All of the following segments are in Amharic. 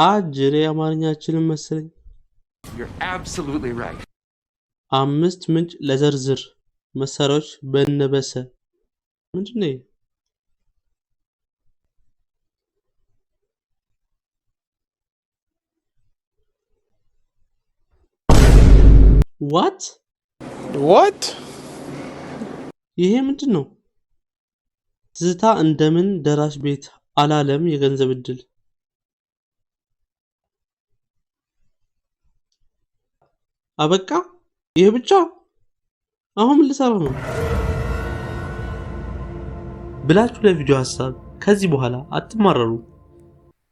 አጅሬ አማርኛ አችልም መሰለኝ። አምስት ምንጭ ለዝርዝር መሳሪያዎች በነበሰ ምንድን ነው? ዋት ዋት ይሄ ምንድን ነው? ትዝታ እንደምን ደራሽ ቤት አላለም የገንዘብ እድል አበቃ። ይህ ብቻ? አሁን ምን ልሰራ ነው ብላችሁ ለቪዲዮ ሀሳብ ከዚህ በኋላ አትማረሩ።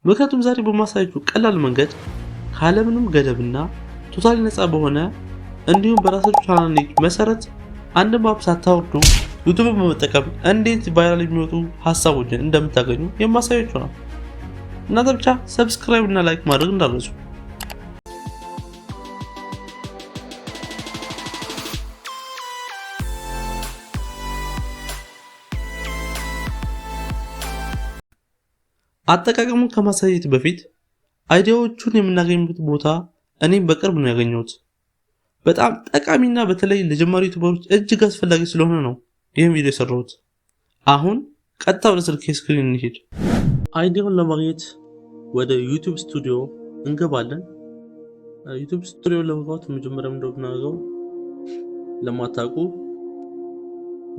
ምክንያቱም ዛሬ በማሳያችሁ ቀላል መንገድ ካለምንም ገደብና ቶታሊ ነፃ በሆነ እንዲሁም በራሳችሁ ቻናል መሰረት አንድን ማፕ ሳታወርዱ ዩቱብ በመጠቀም እንዴት ቫይራል የሚወጡ ሀሳቦችን እንደምታገኙ የማሳያችሁ ነው። እናንተ ብቻ ሰብስክራይብ እና ላይክ ማድረግ እንዳረሱ አጠቃቀሙን ከማሳየት በፊት አይዲያዎቹን የምናገኝበት ቦታ እኔም በቅርብ ነው ያገኘሁት። በጣም ጠቃሚና በተለይ ለጀማሪ ዩቱበሮች እጅግ አስፈላጊ ስለሆነ ነው ይህም ቪዲዮ የሰራሁት። አሁን ቀጥታ ወደ ስልክ ስክሪን እንሄድ። አይዲያውን ለማግኘት ወደ ዩቱብ ስቱዲዮ እንገባለን። ዩቱብ ስቱዲዮ ለመግባት መጀመሪያ እንደምናገው ለማታውቁ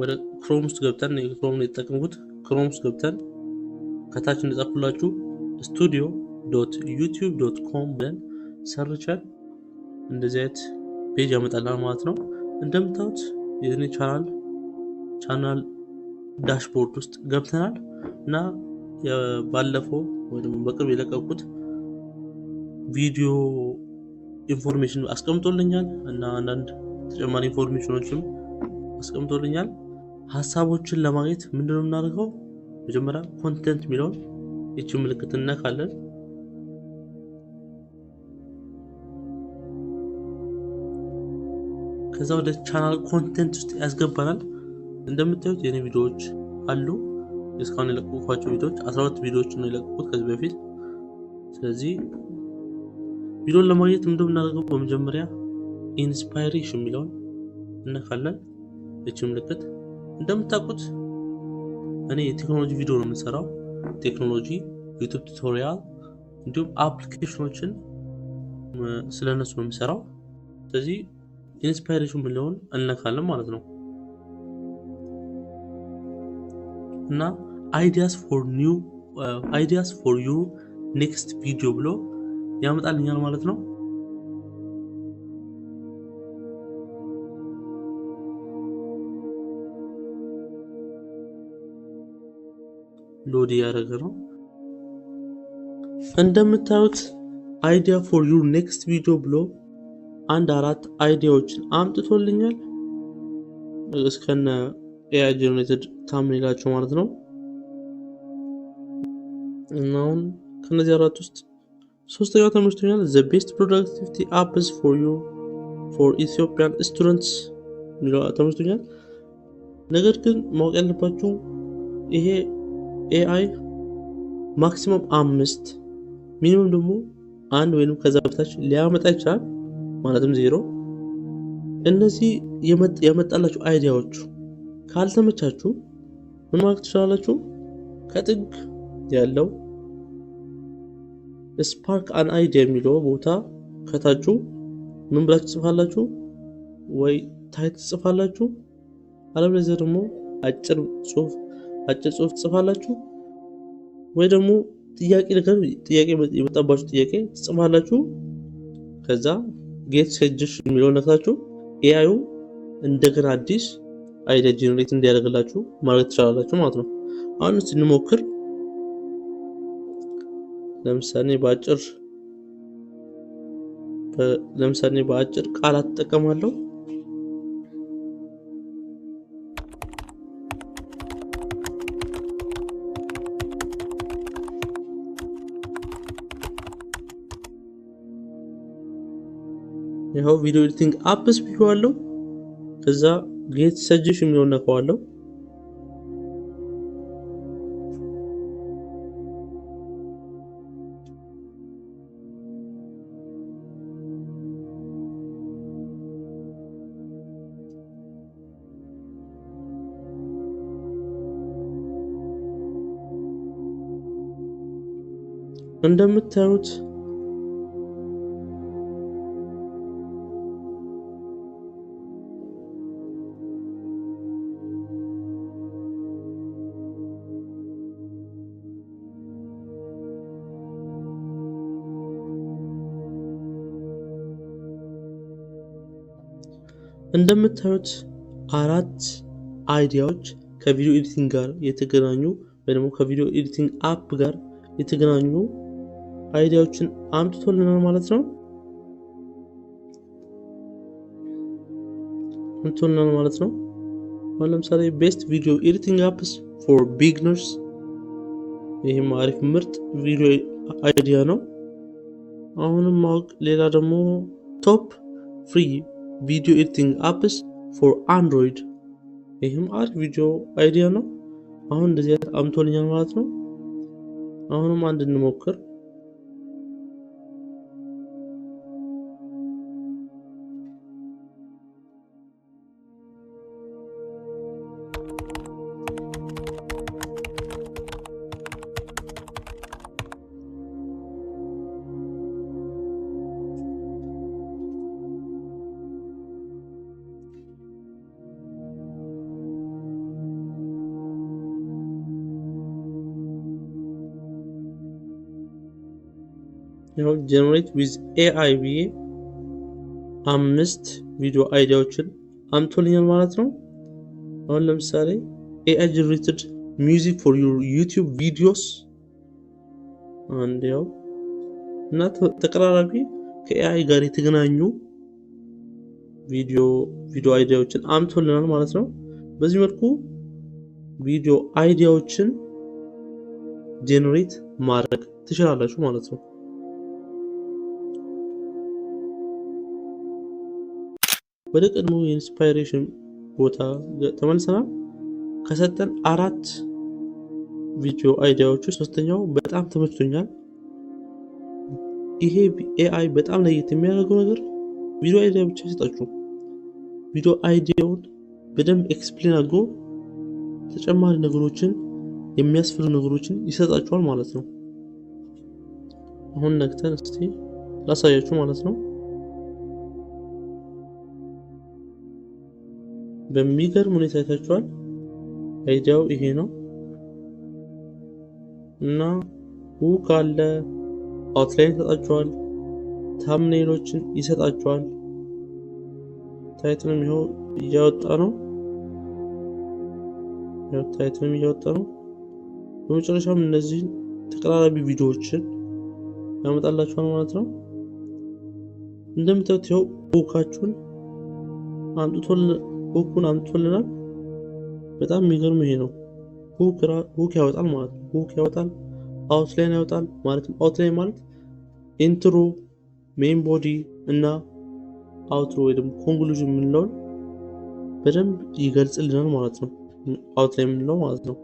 ወደ ክሮም ውስጥ ገብተን ክሮም የተጠቀምኩት። ክሮም ውስጥ ገብተን ከታች እንደጻፍኩላችሁ ስቱዲዮ ዶት ዩቲዩብ ዶት ኮም ብለን ሰርቸን እንደዚህ አይነት ፔጅ ያመጣላል ማለት ነው። እንደምታዩት የዚህ ቻናል ቻናል ዳሽቦርድ ውስጥ ገብተናል እና ባለፈው ወይ ደግሞ በቅርብ የለቀቁት ቪዲዮ ኢንፎርሜሽን አስቀምጦልኛል እና አንዳንድ ተጨማሪ ኢንፎርሜሽኖችም አስቀምጦልኛል። ሀሳቦችን ለማግኘት ምንድነው የምናደርገው? መጀመሪያ ኮንቴንት የሚለውን ይቺ ምልክት እነካለን። ከዛ ወደ ቻናል ኮንቴንት ውስጥ ያስገባናል። እንደምታዩት የኔ ቪዲዮዎች አሉ። እስካሁን የለቀቁኳቸው ቪዲዮዎች 12 ቪዲዮዎች ነው የለቀቁት ከዚህ በፊት። ስለዚህ ቪዲዮን ለማግኘት እንደምናደርገው በመጀመሪያ ኢንስፓይሬሽን የሚለውን እነካለን። ይቺ ምልክት እንደምታውቁት እኔ የቴክኖሎጂ ቪዲዮ ነው የምንሰራው። ቴክኖሎጂ፣ ዩቱብ ቱቶሪያል እንዲሁም አፕሊኬሽኖችን ስለነሱ ነው የምሰራው። ስለዚህ ኢንስፓይሬሽን ብለውን እንነካለን ማለት ነው እና አይዲያስ ፎር ኒው አይዲያስ ፎር ዩ ኔክስት ቪዲዮ ብሎ ያመጣልኛል ማለት ነው። ሎድ እያደረገ ነው። እንደምታዩት አይዲያ ፎር ዩር ኔክስት ቪዲዮ ብሎ አንድ አራት አይዲያዎችን አምጥቶልኛል እስከነ ኤአይ ጀነሬትድ ታምኔላቸው ማለት ነው። እና አሁን ከነዚህ አራት ውስጥ ሶስተኛው ተመችቶኛል። ዘ ቤስት ፕሮዳክቲቪቲ አፕስ ፎር ዩ ፎር ኢትዮጵያን ስቱደንትስ ተመችቶኛል። ነገር ግን ማወቅ ያለባችሁ ይሄ ኤአይ ማክሲመም አምስት ሚኒመም ደግሞ አንድ ወይም ከዛ በታች ሊያመጣ ይችላል ማለትም ዜሮ። እነዚህ የመጣላችሁ አይዲያዎቹ ካልተመቻችሁ ምን ማለት ትችላላችሁ? ከጥግ ያለው ስፓርክ አን አይዲያ የሚለው ቦታ ከታችሁ ምን ብላችሁ ትጽፋላችሁ? ወይ ታይት ትጽፋላችሁ፣ አለበለዚያ ደግሞ አጭር ጽሁፍ አጭር ጽሁፍ ትጽፋላችሁ ወይ ደግሞ ጥያቄ ነገር ጥያቄ የመጣባችሁ ጥያቄ ትጽፋላችሁ። ከዛ ጌት ሰጅሽ የሚለው ነክታችሁ ኤአዩ እንደገና አዲስ አይዲያ ጄኔሬት እንዲያደርግላችሁ ማድረግ ትችላላችሁ ማለት ነው። አሁን ስንሞክር ለምሳሌ በአጭር ለምሳሌ በአጭር ቃላት ትጠቀማለሁ። ቪዲዮ ኤዲቲንግ አፕስ ብዬዋለሁ። ከዛ ጌት ሰጀሽን የሚሆን ነካዋለሁ። እንደምታዩት እንደምታዩት አራት አይዲያዎች ከቪዲዮ ኤዲቲንግ ጋር የተገናኙ ወይ ደግሞ ከቪዲዮ ኤዲቲንግ አፕ ጋር የተገናኙ አይዲያዎችን አምጥቶልናል ማለት ነው አምጥቶልናል ማለት ነው። ለምሳሌ ቤስት ቪዲዮ ኤዲቲንግ አፕስ ፎር ቢግነርስ ይህም አሪፍ ምርጥ ቪዲዮ አይዲያ ነው። አሁንም ማወቅ ሌላ ደግሞ ቶፕ ፍሪ ቪዲዮ ኤዲቲንግ አፕስ ፎር አንድሮይድ። ይህም አሪፍ ቪዲዮ አይዲያ ነው። አሁን እንደዚህ አምቶልኛል ማለት ነው። አሁንም አንድ እንሞክር። ጀነሬት ዊዝ ኤአይ ብዬ አምስት ቪዲዮ አይዲያዎችን አምቶልኛል ማለት ነው። አሁን ለምሳሌ ኤአይ ጀነሬትድ ሚውዚክ ፎር ዩቲዩብ ቪዲዮስ አንዲያው እና ተቀራራቢ ከኤአይ ጋር የተገናኙ ቪዲዮ ቪዲዮ አይዲያዎችን አምቶልናል ማለት ነው። በዚህ መልኩ ቪዲዮ አይዲያዎችን ጀነሬት ማድረግ ትችላላችሁ ማለት ነው። ወደ ቀድሞ የኢንስፓይሬሽን ቦታ ተመልሰናል። ከሰጠን አራት ቪዲዮ አይዲያዎች ውስጥ ሶስተኛው በጣም ተመችቶኛል። ይሄ ኤአይ በጣም ለየት የሚያደርገው ነገር ቪዲዮ አይዲያ ብቻ ይሰጣችሁ ቪዲዮ አይዲያውን በደንብ ኤክስፕሌን አድርጎ ተጨማሪ ነገሮችን የሚያስፈልጉ ነገሮችን ይሰጣችኋል ማለት ነው። አሁን ነግተን እስቲ ላሳያችሁ ማለት ነው። በሚገርም ሁኔታ አይታችኋል። አይዲያው ይሄ ነው እና ሁክ አለ አውትላይን ይሰጣችኋል፣ ታምኔሎችን ይሰጣችኋል። ታይትልም ይኸው እያወጣ ነው ታይትልም እያወጣ ነው። በመጨረሻም እነዚህን ተቀራራቢ ቪዲዮዎችን ያመጣላችኋል ማለት ነው። እንደምታዩት ይኸው ሁካችሁን አንጥቶል ሁኩን አምጥቶልናል። በጣም የሚገርም ይሄ ነው። ሁክ ያወጣል ማለት ነው። ሁክ ያወጣል፣ አውትላይን ያወጣል ማለት ነው። አውትላይን ማለት ኢንትሮ፣ ሜን ቦዲ እና አውትሮ ወይ ደግሞ ኮንክሉዥን የምንለውን በደንብ ይገልጽልናል ማለት ነው። አውትላይን የምንለው ማለት ነው።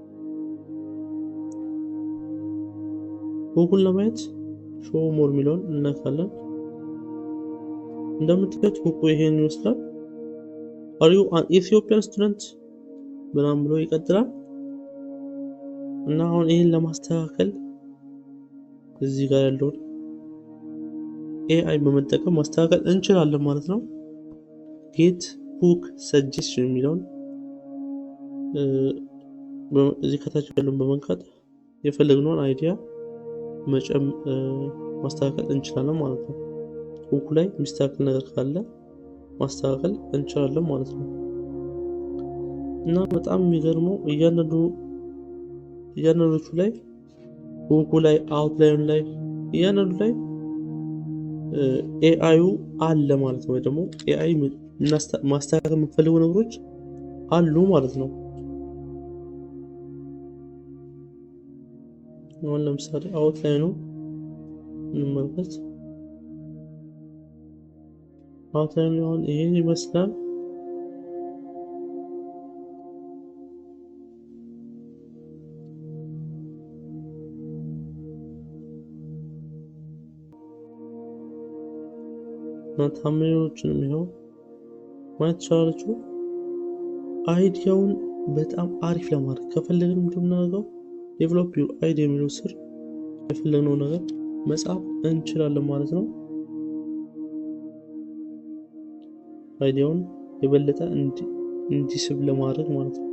ሁኩን ለማየት ሾ ሞር የሚለውን እናካለን። እንደምትገት ሁኩ ይሄን ይመስላል አር ኢትዮጵያን ስቱደንት ምናም ብሎ ይቀጥላል። እና አሁን ይህን ለማስተካከል እዚህ ጋር ያለውን ኤአይ በመጠቀም ማስተካከል እንችላለን ማለት ነው። ጌት ቡክ ሰጀስሽን የሚለውን እዚህ ከታች ያለውን በመንካት የፈለግነውን አይዲያ መጨም ማስተካከል እንችላለን ማለት ነው። ቡኩ ላይ የሚስተካከል ነገር ካለ ማስተካከል እንችላለን ማለት ነው። እና በጣም የሚገርመው እያንዳንዱ እያንዳንዶቹ ላይ ሁኩ ላይ አውትላይን ላይ እያንዳንዱ ላይ ኤአዩ አለ ማለት ነው። ወይ ደግሞ ኤአይ ማስተካከል የምንፈልጉ ነገሮች አሉ ማለት ነው። አሁን ለምሳሌ አውትላይኑ እንመልከት። አብዛኛውን አሁን ይህን ይመስላል። ታምኔሎችንም ይኸው ማየት ትችላለችሁ። አይዲያውን በጣም አሪፍ ለማድረግ ከፈለግን እንደምናደርገው ዴቨሎፕ ዩር አይዲያ የሚለው ስር የፈለግነው ነገር መጻፍ እንችላለን ማለት ነው። አይዲያውን የበለጠ እንዲስብ ለማድረግ ማለት ነው።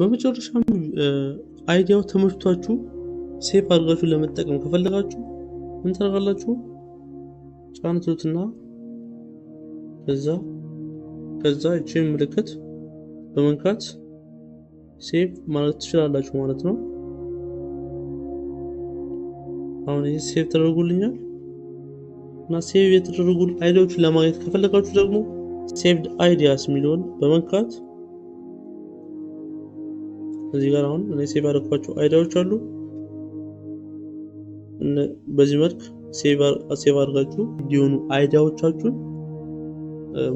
በመጨረሻም አይዲያው ተመችቷችሁ ሴፍ አድርጋችሁ ለመጠቀም ከፈለጋችሁ ምን ታደርጋላችሁ? ጫንቱትና ከዛ ከዛ እቺ ምልክት በመንካት ሴቭ ማለት ትችላላችሁ ማለት ነው። አሁን ይህ ሴቭ ተደርጉልኛል እና ሴቭ የተደረጉ አይዲዎችን ለማግኘት ከፈለጋችሁ ደግሞ ሴቭድ አይዲያስ የሚለውን በመንካት እዚህ ጋር አሁን እኔ ሴቭ ያደረኳቸው አይዲያዎች አሉ። በዚህ መልክ ሴቭ አድርጋችሁ እንዲሆኑ አይዲያዎቻችሁን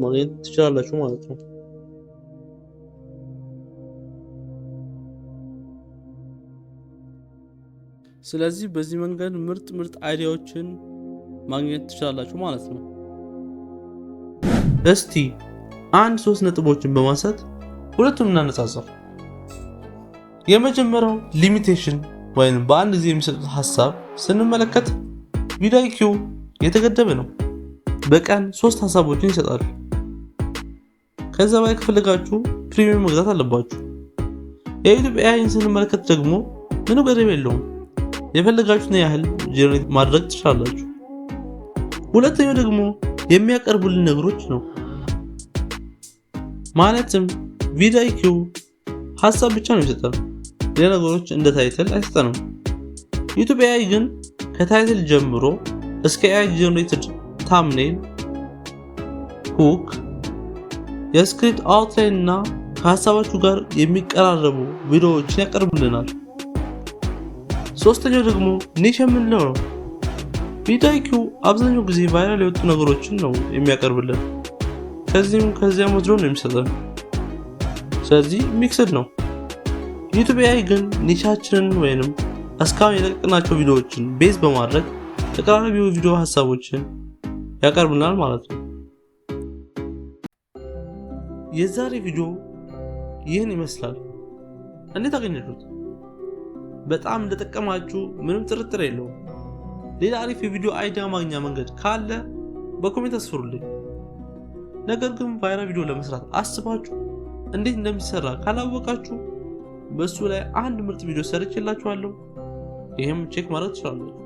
ማግኘት ትችላላችሁ ማለት ነው። ስለዚህ በዚህ መንገድ ምርጥ ምርጥ አይዲያዎችን ማግኘት ትችላላችሁ ማለት ነው። እስቲ አንድ ሶስት ነጥቦችን በማንሳት ሁለቱን እናነጻጽር። የመጀመሪያው ሊሚቴሽን ወይም በአንድ ጊዜ የሚሰጡት ሀሳብ ስንመለከት ቪዳይ የተገደበ ነው። በቀን ሶስት ሀሳቦችን ይሰጣል። ከዚያ በላይ ከፈለጋችሁ ፕሪሚየም መግዛት አለባችሁ። የኢትዮጵያ ይህን ስንመለከት ደግሞ ምንም ገደብ የለውም። የፈለጋችሁትን ያህል ጀነሬት ማድረግ ትችላላችሁ። ሁለተኛው ደግሞ የሚያቀርቡልን ነገሮች ነው። ማለትም ቪድ ሀሳብ ብቻ ነው የሚሰጠን፣ ሌላ ነገሮች እንደ ታይትል አይሰጠንም። ዩቱብ ኤአይ ግን ከታይትል ጀምሮ እስከ ኤአይ ጀነሬትድ ታምኔል፣ ሁክ፣ የስክሪፕት አውትላይን እና ከሀሳባችሁ ጋር የሚቀራረቡ ቪዲዮዎችን ያቀርቡልናል። ሶስተኛው ደግሞ ኒሽ የምንለው ነው። ቢታይኪው አብዛኛው ጊዜ ቫይራል የወጡ ነገሮችን ነው የሚያቀርብልን። ከዚህም ከዚያ ወስዶ ነው የሚሰጠን። ስለዚህ ሚክስድ ነው። ዩቱብ ላይ ግን ኒሻችንን ወይንም እስካሁን የለቀቅናቸው ቪዲዮዎችን ቤዝ በማድረግ ተቀራራቢ ቪዲዮ ሀሳቦችን ያቀርብናል ማለት ነው። የዛሬ ቪዲዮ ይህን ይመስላል። እንዴት አገኘችሁት? በጣም እንደጠቀማችሁ ምንም ጥርጥር የለውም። ሌላ አሪፍ የቪዲዮ አይዲያ ማግኛ መንገድ ካለ በኮሜንት አስፍሩልኝ። ነገር ግን ቫይራል ቪዲዮ ለመስራት አስባችሁ እንዴት እንደሚሰራ ካላወቃችሁ በሱ ላይ አንድ ምርጥ ቪዲዮ ሰርችላችኋለሁ። ይህም ቼክ ማድረግ ትችላላችሁ።